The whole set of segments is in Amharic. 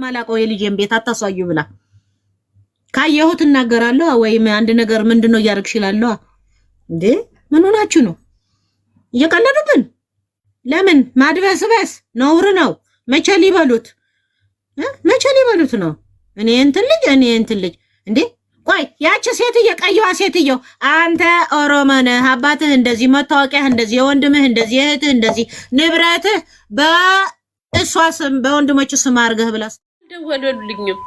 ማላቀው የልጄን ቤት አታሳዩ ብላ ካየሁት እናገራለሁ፣ ወይም አንድ ነገር ምንድነው እያደረግሽ ይላለሁ። እንዴ ምን ሆናችሁ ነው? እየቀለዱብን ለምን? ማድበስበስ ነውር ነው። መቼ ሊበሉት መቼ ሊበሉት ነው? እኔ እንትን ልጅ እኔ እንትን ልጅ እንዴ ቆይ ያቺ ሴትዮ ቀየዋ ሴትዮ አንተ ኦሮሞ ነህ፣ አባትህ እንደዚህ፣ መታወቂያህ እንደዚህ፣ የወንድምህ እንደዚህ፣ እህትህ እንደዚህ፣ ንብረትህ በእሷ ስም በወንድሞቹ ስም አድርገህ ብላስ አልደወሉልኝም።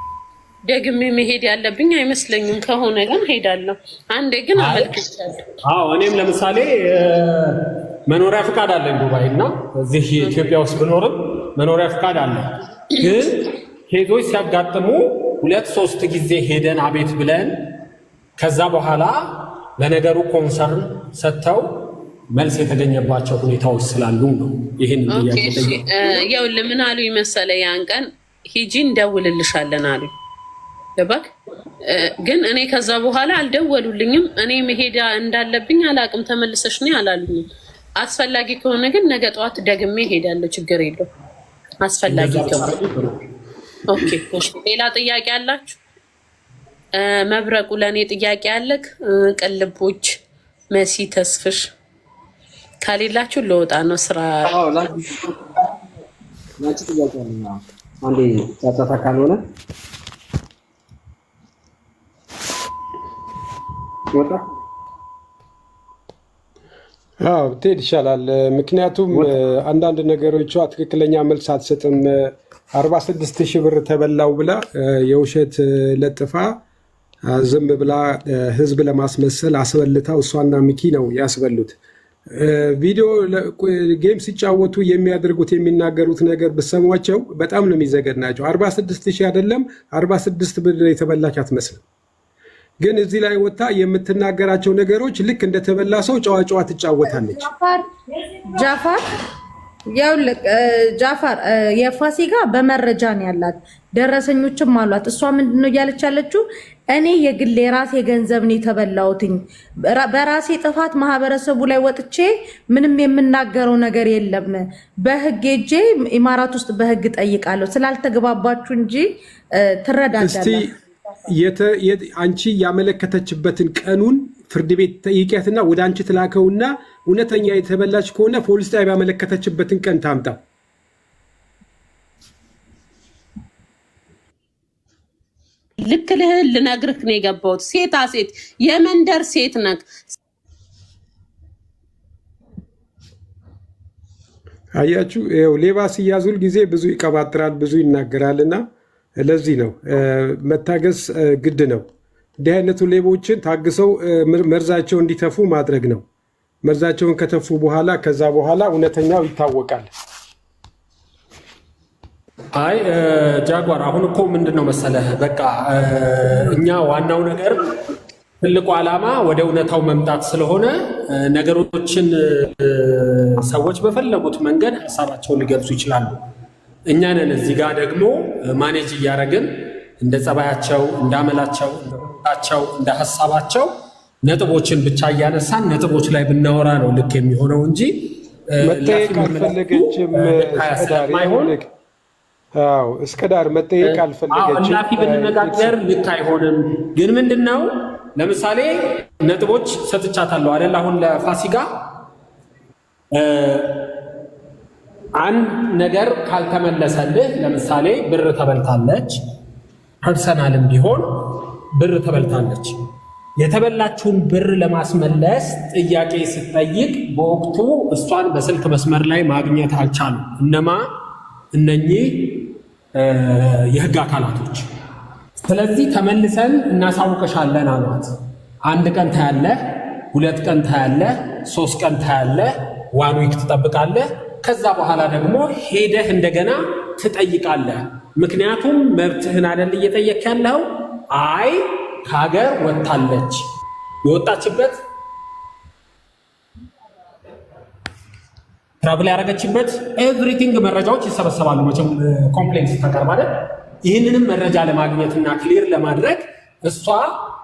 ደግሜ መሄድ ያለብኝ አይመስለኝም። ከሆነ ግን ሄዳለሁ። አንዴ ግን አመልክቻለሁ። እኔም ለምሳሌ መኖሪያ ፍቃድ አለኝ ዱባይ እና እዚህ ኢትዮጵያ ውስጥ ብኖርም መኖሪያ ፍቃድ አለ። ግን ኬዞች ሲያጋጥሙ ሁለት ሶስት ጊዜ ሄደን አቤት ብለን ከዛ በኋላ ለነገሩ ኮንሰርን ሰጥተው መልስ የተገኘባቸው ሁኔታዎች ስላሉ ነው ይህን ያው ለምን አሉ ይመሰለ ያን ቀን ሂጂ እንደውልልሻለን አሉ። ገባክ? ግን እኔ ከዛ በኋላ አልደወሉልኝም። እኔ መሄድ እንዳለብኝ አላቅም። ተመልሰሽ እኔ አላሉኝም። አስፈላጊ ከሆነ ግን ነገ ጠዋት ደግሜ ሄዳለሁ። ችግር የለው። አስፈላጊ ከሆነ ሌላ ጥያቄ አላችሁ? መብረቁ ለእኔ ጥያቄ አለክ። ቅልቦች መሲ ተስፍሽ ከሌላችሁ ለወጣ ነው ስራ አንዴ ጻጻታ ካልሆነ ወጣ ብትሄድ ይሻላል። ምክንያቱም አንዳንድ ነገሮቿ ትክክለኛ መልስ አትሰጥም። 46 ሺህ ብር ተበላው ብላ የውሸት ለጥፋ ዝም ብላ ህዝብ ለማስመሰል አስበልታ እሷና ሚኪ ነው ያስበሉት። ቪዲዮ ጌም ሲጫወቱ የሚያደርጉት የሚናገሩት ነገር ብሰሟቸው በጣም ነው የሚዘገድ ናቸው። 46 ሺህ አይደለም 46 ብር የተበላች አትመስልም። ግን እዚህ ላይ ወጥታ የምትናገራቸው ነገሮች ልክ እንደተበላ ሰው ጨዋጨዋ ትጫወታለች። ጃፋር ያው ጃፋር የፋሲካ በመረጃ ነው ያላት፣ ደረሰኞችም አሏት። እሷ ምንድን ነው እያለች ያለችው? እኔ የግል የራሴ ገንዘብ ነው የተበላሁትኝ። በራሴ ጥፋት ማህበረሰቡ ላይ ወጥቼ ምንም የምናገረው ነገር የለም። በህግ ሄጄ ኢማራት ውስጥ በህግ ጠይቃለሁ። ስላልተግባባችሁ እንጂ ትረዳዳለ። አንቺ ያመለከተችበትን ቀኑን ፍርድ ቤት ጠይቂያትና ወደ አንቺ ትላከውና እውነተኛ የተበላች ከሆነ ፖሊስ ጣቢያ ያመለከተችበትን ቀን ታምጣ። ልክ ልህ ልነግርህ ነው የገባሁት። ሴታ ሴት የመንደር ሴት ነክ አያችሁ፣ ይኸው ሌባ ሲያዝ ጊዜ ብዙ ይቀባጥራል፣ ብዙ ይናገራል። እና ለዚህ ነው መታገስ ግድ ነው። እንዲህ አይነቱ ሌቦችን ታግሰው መርዛቸው እንዲተፉ ማድረግ ነው። መርዛቸውን ከተፉ በኋላ ከዛ በኋላ እውነተኛው ይታወቃል። አይ ጃጓር፣ አሁን እኮ ምንድን ነው መሰለህ፣ በቃ እኛ ዋናው ነገር ትልቁ ዓላማ ወደ እውነታው መምጣት ስለሆነ ነገሮችን ሰዎች በፈለጉት መንገድ ሀሳባቸውን ሊገልጹ ይችላሉ። እኛንን እዚህ ጋር ደግሞ ማኔጅ እያደረግን እንደ ጸባያቸው እንዳመላቸው እንደቁጣቸው እንደ ሀሳባቸው ነጥቦችን ብቻ እያነሳን ነጥቦች ላይ ብናወራ ነው ልክ የሚሆነው እንጂ መጠየቅ አልፈለገችም ስለማይሆን እስከ ዳር መጠየቅ አልፈለገችም። ላፊ ብንነጋገር ልክ አይሆንም። ግን ምንድን ነው ለምሳሌ ነጥቦች ሰጥቻታለሁ አይደል? አሁን ለፋሲካ አንድ ነገር ካልተመለሰልህ፣ ለምሳሌ ብር ተበልታለች፣ ፐርሰናልም ቢሆን ብር ተበልታለች። የተበላችውን ብር ለማስመለስ ጥያቄ ስጠይቅ በወቅቱ እሷን በስልክ መስመር ላይ ማግኘት አልቻሉ። እነማ እነኚህ የህግ አካላቶች። ስለዚህ ተመልሰን እናሳውቀሻለን አሏት። አንድ ቀን ታያለህ፣ ሁለት ቀን ታያለህ፣ ሶስት ቀን ታያለህ፣ ዋን ዊክ ትጠብቃለህ። ከዛ በኋላ ደግሞ ሄደህ እንደገና ትጠይቃለህ። ምክንያቱም መብትህን አይደል እየጠየክ ያለው አይ ከሀገር ወጥታለች። የወጣችበት ትራቭል ያደረገችበት ኤቭሪቲንግ መረጃዎች ይሰበሰባሉ። መቼም ኮምፕሌንስ ተቀርባለ። ይህንንም መረጃ ለማግኘትና ክሊር ለማድረግ እሷ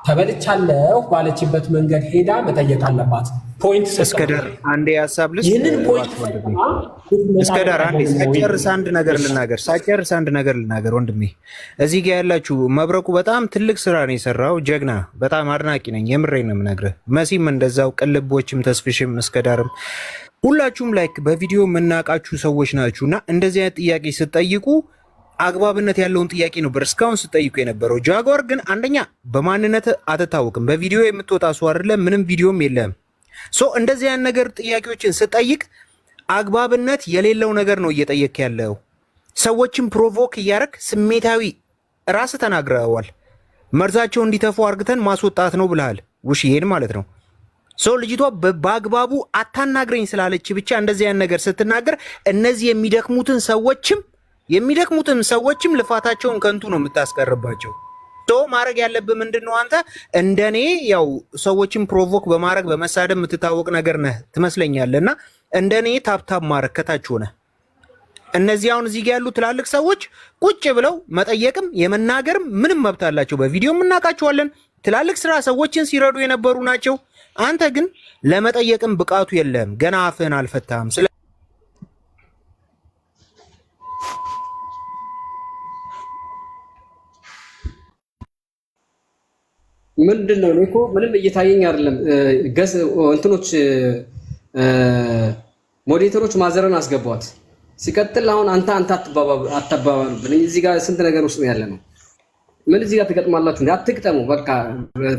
ተበልቻለሁ ባለችበት መንገድ ሄዳ መጠየቅ አለባት። ፖይንት እስከዳር አንዴ ሀሳብ ልስ ይህንን ፖይንት እስከዳር አንዴ ሳጨርስ አንድ ነገር ልናገር ሳጨርስ አንድ ነገር ልናገር ወንድሜ፣ እዚህ ጋ ያላችሁ መብረቁ በጣም ትልቅ ስራ ነው የሰራው። ጀግና፣ በጣም አድናቂ ነኝ። የምሬ ነው የምነግርህ። መሲም እንደዛው፣ ቅልቦችም፣ ተስፍሽም፣ እስከዳርም ሁላችሁም ላይክ በቪዲዮ የምናውቃችሁ ሰዎች ናችሁ እና እንደዚህ አይነት ጥያቄ ስትጠይቁ አግባብነት ያለውን ጥያቄ ነበር እስካሁን ስጠይቁ የነበረው። ጃጓር ግን አንደኛ በማንነት አትታወቅም። በቪዲዮ የምትወጣ ሰው አይደለ፣ ምንም ቪዲዮም የለም። ሶ እንደዚህ ያን ነገር ጥያቄዎችን ስጠይቅ አግባብነት የሌለው ነገር ነው እየጠየቅ ያለው። ሰዎችን ፕሮቮክ እያደረግ ስሜታዊ ራስ ተናግረዋል። መርዛቸው እንዲተፉ አርግተን ማስወጣት ነው ብልሃል። ውሽዬን ማለት ነው። ሰው ልጅቷ በአግባቡ አታናግረኝ ስላለች ብቻ እንደዚህ ያን ነገር ስትናገር እነዚህ የሚደክሙትን ሰዎችም የሚደክሙትን ሰዎችም ልፋታቸውን ከንቱ ነው የምታስቀርባቸው። ማድረግ ያለብህ ምንድን ነው? አንተ እንደኔ ያው ሰዎችን ፕሮቮክ በማድረግ በመሳደብ የምትታወቅ ነገር ነህ ትመስለኛለህ። እና እንደኔ ታብታብ ማድረግ ከታች ሆነህ እነዚህ አሁን እዚህ ያሉ ትላልቅ ሰዎች ቁጭ ብለው መጠየቅም የመናገርም ምንም መብት አላቸው። በቪዲዮም እናውቃቸዋለን። ትላልቅ ስራ ሰዎችን ሲረዱ የነበሩ ናቸው። አንተ ግን ለመጠየቅም ብቃቱ የለም ገና አፍህን አልፈታህም። ምንድን ነው? እኮ ምንም እየታየኝ አይደለም። ገዝ እንትኖች ሞዴተሮች ማዘረን አስገቧት። ሲቀጥል አሁን አንተ አንተ አታባባሉብን። እዚህ ጋር ስንት ነገር ውስጥ ያለ ነው። ምን እዚህ ጋር ትገጥማላችሁ? አትግጠሙ። በቃ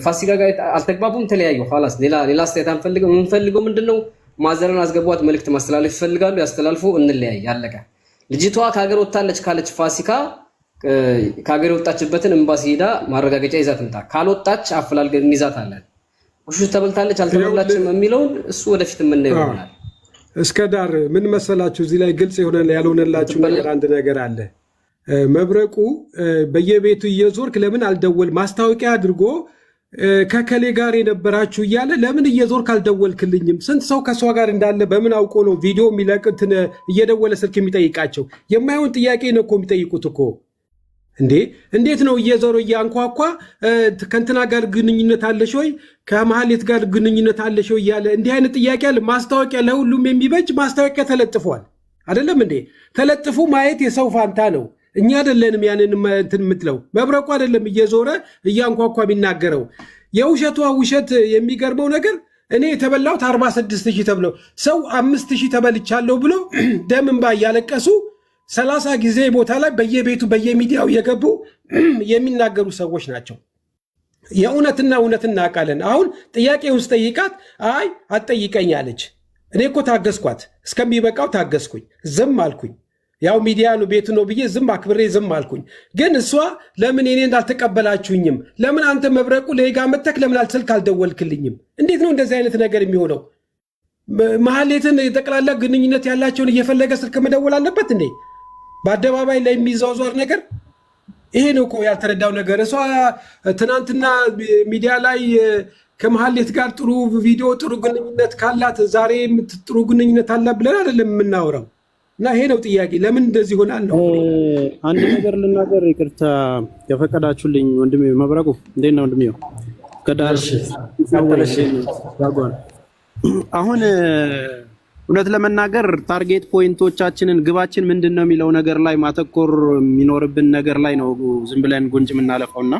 ፋሲካ ጋር አልተግባቡም፣ ተለያዩ። ኋላስ ሌላ ሌላ አስተያየት አንፈልግም። የምንፈልገው ምንድን ነው? ማዘረን አስገቧት። መልዕክት ማስተላለፍ ይፈልጋሉ፣ ያስተላልፉ፣ እንለያይ፣ ያለቀ። ልጅቷ ከሀገር ወታለች ካለች ፋሲካ ከሀገር የወጣችበትን ኤምባሲ ሄዳ ማረጋገጫ ይዛ ትምጣ። ካልወጣች አፈላልገን እንይዛታለን። ውሾች ተበልታለች አልተበላችም የሚለውን እሱ ወደፊት የምናየው ይሆናል። እስከ ዳር ምን መሰላችሁ፣ እዚህ ላይ ግልጽ የሆነ ያልሆነላችሁ ነገር አንድ ነገር አለ። መብረቁ በየቤቱ እየዞርክ ለምን አልደወል ማስታወቂያ አድርጎ ከከሌ ጋር የነበራችሁ እያለ ለምን እየዞርክ አልደወልክልኝም? ስንት ሰው ከእሷ ጋር እንዳለ በምን አውቆ ነው ቪዲዮ የሚለቅትን እየደወለ ስልክ የሚጠይቃቸው? የማይሆን ጥያቄ ነው እኮ የሚጠይቁት እኮ እንዴ እንዴት ነው እየዞረ እያንኳኳ ከእንትና ጋር ግንኙነት አለሽ ወይ ከመሀሌት ጋር ግንኙነት አለሽ ወይ እያለ እንዲህ አይነት ጥያቄ አለ። ማስታወቂያ ለሁሉም የሚበጅ ማስታወቂያ ተለጥፏል። አይደለም እንዴ? ተለጥፎ ማየት የሰው ፋንታ ነው። እኛ አይደለንም ያንን እንትን የምትለው መብረቁ አይደለም እየዞረ እያንኳኳ የሚናገረው። የውሸቷ ውሸት የሚገርመው ነገር እኔ የተበላሁት 46 ሺህ ተብለው ሰው አምስት ሺህ ተበልቻለሁ ብሎ ደም እንባ እያለቀሱ ሰላሳ ጊዜ ቦታ ላይ በየቤቱ በየሚዲያው የገቡ የሚናገሩ ሰዎች ናቸው። የእውነትና እውነት እናውቃለን። አሁን ውስጥ ጠይቃት አይ አትጠይቀኝ አለች። እኔ እኮ ታገስኳት፣ እስከሚበቃው ታገስኩኝ፣ ዝም አልኩኝ። ያው ሚዲያ ነው ቤቱ ነው ብዬ ዝም አክብሬ ዝም አልኩኝ። ግን እሷ ለምን እኔ እንዳልተቀበላችሁኝም፣ ለምን አንተ መብረቁ ለጋ መተክ ለምን አልስልክ አልደወልክልኝም? እንዴት ነው እንደዚህ አይነት ነገር የሚሆነው? መሀሌትን ጠቅላላ ግንኙነት ያላቸውን እየፈለገ ስልክ መደወል አለበት እንዴ? በአደባባይ ላይ የሚዘዋዟር ነገር ይሄ ነው እኮ ያልተረዳው ነገር። እሷ ትናንትና ሚዲያ ላይ ከመሀሌት ጋር ጥሩ ቪዲዮ ጥሩ ግንኙነት ካላት ዛሬ ጥሩ ግንኙነት አላት ብለን አይደለም የምናወራው። እና ይሄ ነው ጥያቄ፣ ለምን እንደዚህ ይሆናል ነው። አንድ ነገር ልናገር፣ ይቅርታ የፈቀዳችሁልኝ። ወንድሜ መብረቁ እንዴት ነው ወንድሜው? ከዳር አሁን እውነት ለመናገር ታርጌት ፖይንቶቻችንን ግባችን ምንድን ነው የሚለው ነገር ላይ ማተኮር የሚኖርብን ነገር ላይ ነው ዝም ብለን ጉንጭ የምናለፈው እና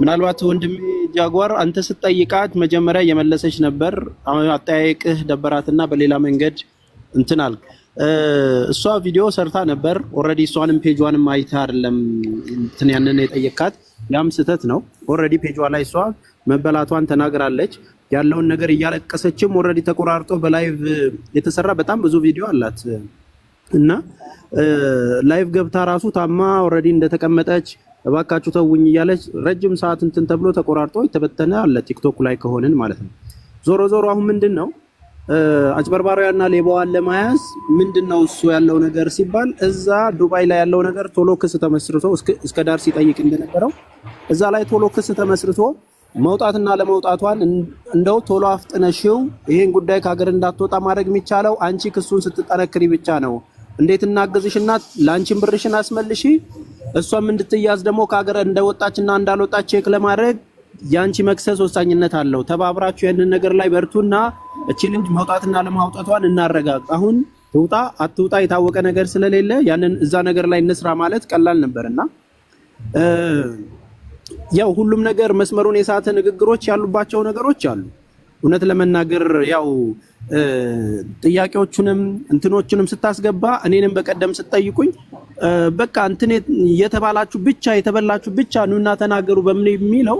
ምናልባት ወንድሜ ጃጓር አንተ ስትጠይቃት መጀመሪያ የመለሰች ነበር። አጠያየቅህ ደበራትና በሌላ መንገድ እንትን አልክ። እሷ ቪዲዮ ሰርታ ነበር ኦልሬዲ። እሷንም ፔጇንም አይተህ አይደለም እንትን ያንን የጠየካት፣ ያም ስህተት ነው። ኦልሬዲ ፔጇ ላይ እሷ መበላቷን ተናግራለች። ያለውን ነገር እያለቀሰችም ኦልሬዲ ተቆራርጦ በላይቭ የተሰራ በጣም ብዙ ቪዲዮ አላት እና ላይቭ ገብታ ራሱ ታማ ኦልሬዲ እንደተቀመጠች እባካችሁ ተውኝ እያለች ረጅም ሰዓት እንትን ተብሎ ተቆራርጦ የተበተነ አለ ቲክቶክ ላይ ከሆንን ማለት ነው። ዞሮ ዞሮ አሁን ምንድን ነው አጭበርባሪያና ሌባዋን ለመያዝ ምንድን ነው እሱ ያለው ነገር ሲባል እዛ ዱባይ ላይ ያለው ነገር ቶሎ ክስ ተመስርቶ እስከ ዳር ሲጠይቅ እንደነበረው እዛ ላይ ቶሎ ክስ ተመስርቶ መውጣትና ለመውጣቷን እንደው ቶሎ አፍጥነሽው ይሄን ጉዳይ ከሀገር እንዳትወጣ ማድረግ የሚቻለው አንቺ ክሱን ስትጠነክሪ ብቻ ነው። እንዴት እናግዝሽና ለአንቺን ብርሽን አስመልሺ፣ እሷም እንድትያዝ ደግሞ ከሀገር እንደወጣችና እንዳልወጣች ቼክ ለማድረግ የአንቺ መክሰስ ወሳኝነት አለው። ተባብራችሁ ያንን ነገር ላይ በርቱና እቺ ልጅ መውጣትና ለማውጣቷን እናረጋግ። አሁን ትውጣ አትውጣ የታወቀ ነገር ስለሌለ ያንን እዛ ነገር ላይ እንስራ ማለት ቀላል ነበርና ያው ሁሉም ነገር መስመሩን የሳተ ንግግሮች ያሉባቸው ነገሮች አሉ። እውነት ለመናገር ያው ጥያቄዎቹንም እንትኖቹንም ስታስገባ እኔንም በቀደም ስትጠይቁኝ በቃ እንትን የተባላችሁ ብቻ የተበላችሁ ብቻ ኑና ተናገሩ በምን የሚለው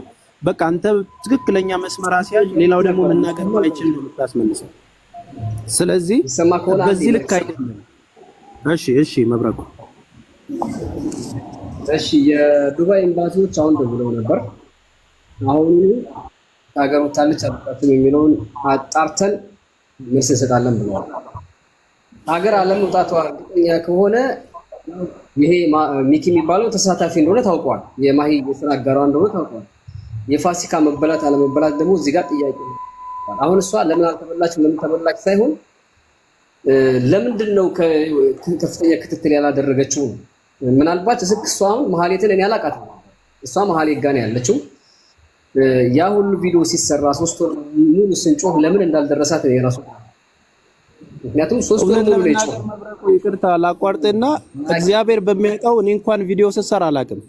በቃ አንተ ትክክለኛ መስመር አስያዥ፣ ሌላው ደግሞ መናገር አይችል ነው የምታስመልሰው። ስለዚህ በዚህ ልክ አይደለም። እሺ፣ እሺ መብረቁ እሺ የዱባይ ኤምባሲዎች አሁን ደውለው ነበር። አሁን ሀገር ወታለች አልወጣችም የሚለውን አጣርተን መልስ እንሰጣለን ብለዋል። ሀገር አለመውጣቷ እርግጠኛ ከሆነ ይሄ ሚኪ የሚባለው ተሳታፊ እንደሆነ ታውቋል። የማሂ የስራ አጋሯ እንደሆነ ታውቋል። የፋሲካ መበላት አለመበላት ደግሞ እዚህ ጋር ጥያቄ ነው። አሁን እሷ ለምን አልተበላች ለምን ተበላች ሳይሆን ለምንድን ነው ከፍተኛ ክትትል ያላደረገችው ነው ምናልባት እስክ እሷን አሁን መሀሌትን እኔ አላውቃትም። እሷ መሀሌ ጋ ነው ያለችው። ያ ሁሉ ቪዲዮ ሲሰራ ሶስት ወር ሙሉ ስንጮህ ለምን እንዳልደረሳት እኔ ራሱ ምክንያቱም ሶስት ወር ሙሉ ላይ ጮህ። ይቅርታ ላቋርጥና እግዚአብሔር በሚያውቀው እኔ እንኳን ቪዲዮ ስሰራ አላውቅም።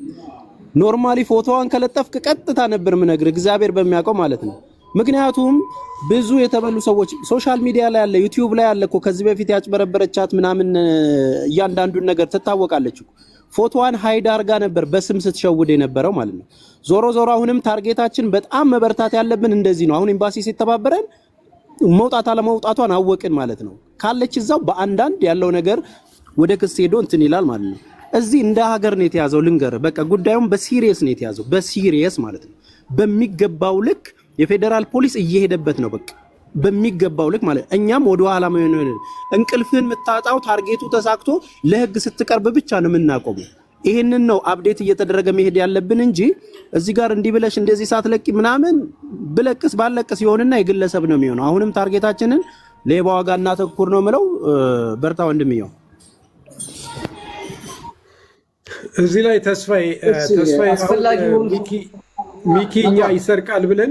ኖርማሊ ፎቶዋን ከለጠፍክ ቀጥታ ነበር ምነግር፣ እግዚአብሔር በሚያውቀው ማለት ነው ምክንያቱም ብዙ የተበሉ ሰዎች ሶሻል ሚዲያ ላይ ያለ ዩቲዩብ ላይ ያለ እኮ ከዚህ በፊት ያጭበረበረቻት ምናምን እያንዳንዱን ነገር ትታወቃለች። ፎቶዋን ሀይድ አርጋ ነበር በስም ስትሸውድ የነበረው ማለት ነው። ዞሮ ዞሮ አሁንም ታርጌታችን በጣም መበርታት ያለብን እንደዚህ ነው። አሁን ኤምባሲ ሲተባበረን መውጣት አለመውጣቷን አወቅን ማለት ነው። ካለች እዛው በአንዳንድ ያለው ነገር ወደ ክስ ሄዶ እንትን ይላል ማለት ነው። እዚህ እንደ ሀገር ነው የተያዘው። ልንገር በቃ ጉዳዩም በሲሪየስ ነው የተያዘው። በሲሪየስ ማለት ነው በሚገባው ልክ የፌዴራል ፖሊስ እየሄደበት ነው። በቃ በሚገባው ልክ ማለት እኛም ወደ ኋላ እንቅልፍህን የምታጣው ታርጌቱ ተሳክቶ ለህግ ስትቀርብ ብቻ ነው የምናቆመው። ይህንን ነው አብዴት እየተደረገ መሄድ ያለብን እንጂ እዚህ ጋር እንዲህ ብለሽ እንደዚህ ሳትለቂ ምናምን ብለቅስ ባለቅስ የሆንና የግለሰብ ነው የሚሆነው። አሁንም ታርጌታችንን ሌባ ዋጋ እናተኩር ነው ምለው። በርታ ወንድምየው። እዚህ ላይ ተስፋዬ ሚኪኛ ይሰርቃል ብለን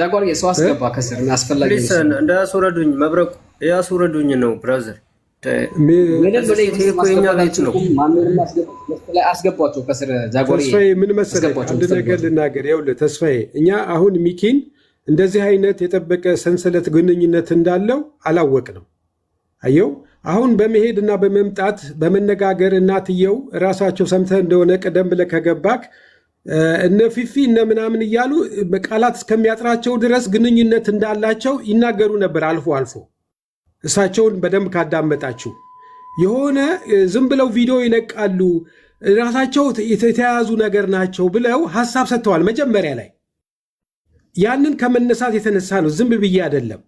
ጃጓርዬ ሰው አስገባ ከስር አስፈላጊ እንዳያስወረዱኝ መብረቁ ያስወረዱኝ ነው ብራዘር ምን መሰለህ አንድ ነገር ልናገር ይኸውልህ ተስፋዬ እኛ አሁን ሚኪን እንደዚህ አይነት የጠበቀ ሰንሰለት ግንኙነት እንዳለው አላወቅ ነው አየው አሁን በመሄድና በመምጣት በመነጋገር እናትየው ራሳቸው ሰምተህ እንደሆነ ቀደም ብለህ ከገባክ እነ ፊፊ እነ ምናምን እያሉ ቃላት እስከሚያጥራቸው ድረስ ግንኙነት እንዳላቸው ይናገሩ ነበር። አልፎ አልፎ እሳቸውን በደንብ ካዳመጣችሁ የሆነ ዝም ብለው ቪዲዮ ይለቃሉ። ራሳቸው የተያያዙ ነገር ናቸው ብለው ሀሳብ ሰጥተዋል መጀመሪያ ላይ። ያንን ከመነሳት የተነሳ ነው፣ ዝም ብዬ አይደለም።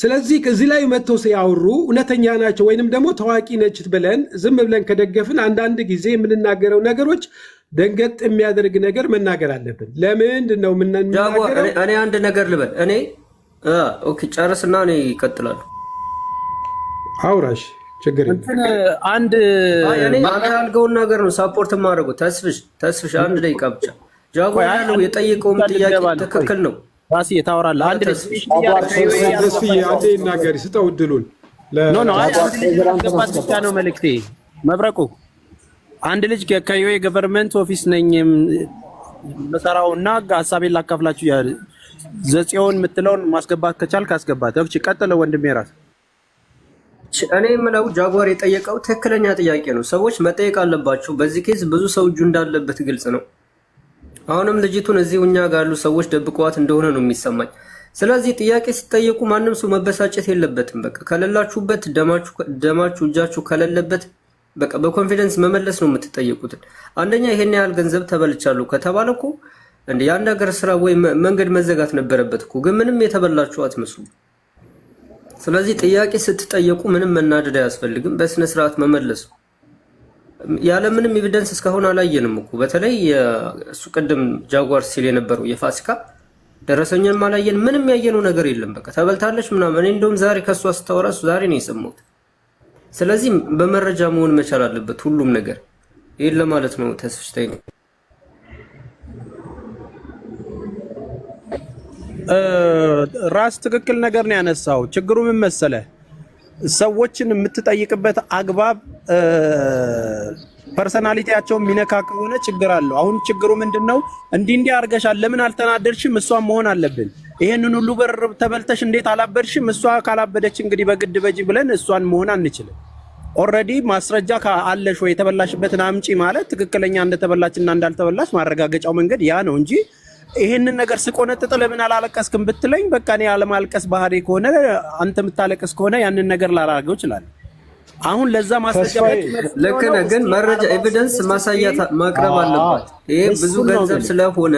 ስለዚህ እዚህ ላይ መጥተው ሲያወሩ እውነተኛ ናቸው ወይንም ደግሞ ታዋቂ ነች ብለን ዝም ብለን ከደገፍን አንዳንድ ጊዜ የምንናገረው ነገሮች ደንገጥ የሚያደርግ ነገር መናገር አለብን። ለምንድን ነው የምንናገረው? እኔ አንድ ነገር ልበል። እኔ ኦኬ፣ ጨርስና እኔ ይቀጥላሉ። አውራሽ ችግር አንድ ያልገውን ነገር ነው ሳፖርት የማደርገው። ተስፍሽ ተስፍሽ፣ አንድ ደቂቃ ብቻ ጃጓ ያለው የጠየቀውም ጥያቄ ትክክል ነው። ራሴ የታወራለ አንድ አንዴ ይናገሪ ስጠው እድሉን። ገባት ብቻ ነው መልእክቴ። መብረቁ አንድ ልጅ ከዮዌ ገቨርንመንት ኦፊስ ነኝ መሰራው እና ሀሳቤን ላካፍላችሁ ያለ ዘጽዮን የምትለውን ማስገባት ከቻል ካስገባት እብች ቀጥለ ወንድሜ ራስ እኔ የምለው ጃጓር የጠየቀው ትክክለኛ ጥያቄ ነው። ሰዎች መጠየቅ አለባቸው። በዚህ ኬዝ ብዙ ሰው እጁ እንዳለበት ግልጽ ነው። አሁንም ልጅቱን እዚህ እኛ ጋር ያሉ ሰዎች ደብቀዋት እንደሆነ ነው የሚሰማኝ። ስለዚህ ጥያቄ ሲጠየቁ ማንም ሰው መበሳጨት የለበትም። በቃ ከሌላችሁበት ደማችሁ እጃችሁ ከሌለበት በቃ በኮንፊደንስ መመለስ ነው የምትጠየቁትን። አንደኛ ይሄን ያህል ገንዘብ ተበልቻለሁ ከተባለ እኮ እንደ የአንድ ሀገር ስራ ወይ መንገድ መዘጋት ነበረበት እኮ ግን ምንም የተበላችሁ አትመስሉ። ስለዚህ ጥያቄ ስትጠየቁ ምንም መናደድ አያስፈልግም። በስነ ስርዓት መመለስ ነው። ያለምንም ኤቪደንስ እስካሁን አላየንም እኮ በተለይ እሱ ቅድም ጃጓር ሲል የነበረው የፋሲካ ደረሰኝንም አላየን፣ ምንም ያየነው ነገር የለም። በቃ ተበልታለች ምናምን። እኔ እንደውም ዛሬ ከእሷ ስታወራ እሱ ዛሬ ነው የሰማሁት። ስለዚህ በመረጃ መሆን መቻል አለበት ሁሉም ነገር። ይህን ለማለት ነው። ተስፍሽታይ ነው። ራስ ትክክል ነገር ነው ያነሳው። ችግሩ ምን መሰለህ ሰዎችን የምትጠይቅበት አግባብ ፐርሰናሊቲያቸውን የሚነካ ከሆነ ችግር አለው። አሁን ችግሩ ምንድን ነው? እንዲህ እንዲህ አድርገሻል፣ ለምን አልተናደድሽም? እሷን መሆን አለብን። ይህንን ሁሉ በር ተበልተሽ እንዴት አላበድሽም? እሷ ካላበደች እንግዲህ በግድ በጂ ብለን እሷን መሆን አንችልም። ኦልሬዲ ማስረጃ አለሽ ወይ የተበላሽበትን አምጪ ማለት ትክክለኛ እና እንዳልተበላች ማረጋገጫው መንገድ ያ ነው እንጂ ይሄንን ነገር ስቆነጥጥ ለምን አላለቀስክም ብትለኝ በቃ እኔ አለማልቀስ ባህሪ ከሆነ አንተ የምታለቀስ ከሆነ ያንን ነገር ላላደርገው ይችላል። አሁን ለዛ ማስረጃ ልክ ነህ፣ ግን መረጃ ኤቪደንስ ማሳያ ማቅረብ አለባት። ይሄ ብዙ ገንዘብ ስለሆነ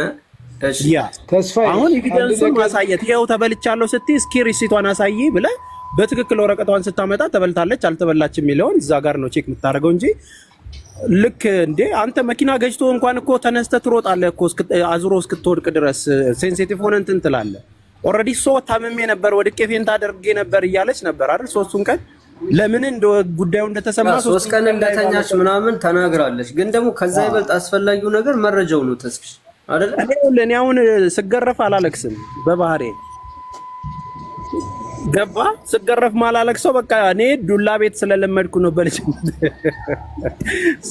አሁን ኤቪደንሱን ማሳየት ይኸው ተበልቻለሁ ስትይ እስኪ ሪሲቷን አሳይ ብለህ በትክክል ወረቀቷን ስታመጣ ተበልታለች አልተበላች የሚለውን እዛ ጋር ነው ቼክ የምታደርገው እንጂ ልክ እንዴ አንተ መኪና ገጭቶ እንኳን እኮ ተነስተ ትሮጣለህ እኮ አዝሮ እስክትወድቅ ድረስ ሴንሲቲቭ ሆነ እንትን ትላለህ። ኦልሬዲ ሶ ታምሜ ነበር ወድቄ ፌንት አደርጌ ነበር እያለች ነበር አይደል? ሶስቱን ቀን ለምን እንደ ጉዳዩ እንደተሰማ ሶስት ቀን እንደተኛች ምናምን ተናግራለች። ግን ደግሞ ከዛ ይበልጥ አስፈላጊው ነገር መረጃው ነው። ተስፍሽ አይደል? እኔ አሁን ስገረፍ አላለቅስም በባህሬ ገባ ስገረፍ ማላለቅ ሰው በቃ እኔ ዱላ ቤት ስለለመድኩ ነው። በልጅ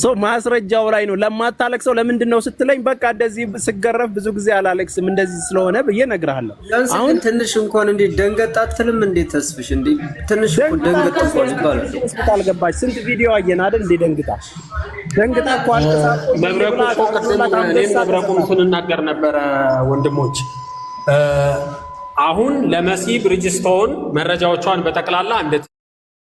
ሰው ማስረጃው ላይ ነው ለማታለቅ ሰው ለምንድን ነው ስትለኝ፣ በቃ እንደዚህ ስገረፍ ብዙ ጊዜ አላለቅስም እንደዚህ ስለሆነ ብዬ እነግርሃለሁ። አሁን ትንሽ እንኳን እንዲ ደንገጣትልም አትልም እንዴ? ተስፍሽ እንዲ ትንሽ ደንገጣ ይባላል። አልገባች ስንት ቪዲዮ አየን አይደል? እንዴ ደንግጣ ደንግጣ እኮ መብረቁ እኮ ቅድም እኔም መብረቁ ስንናገር ነበረ ወንድሞች አሁን ለመሲ ብሪጅስቶን መረጃዎቿን በጠቅላላ እንደት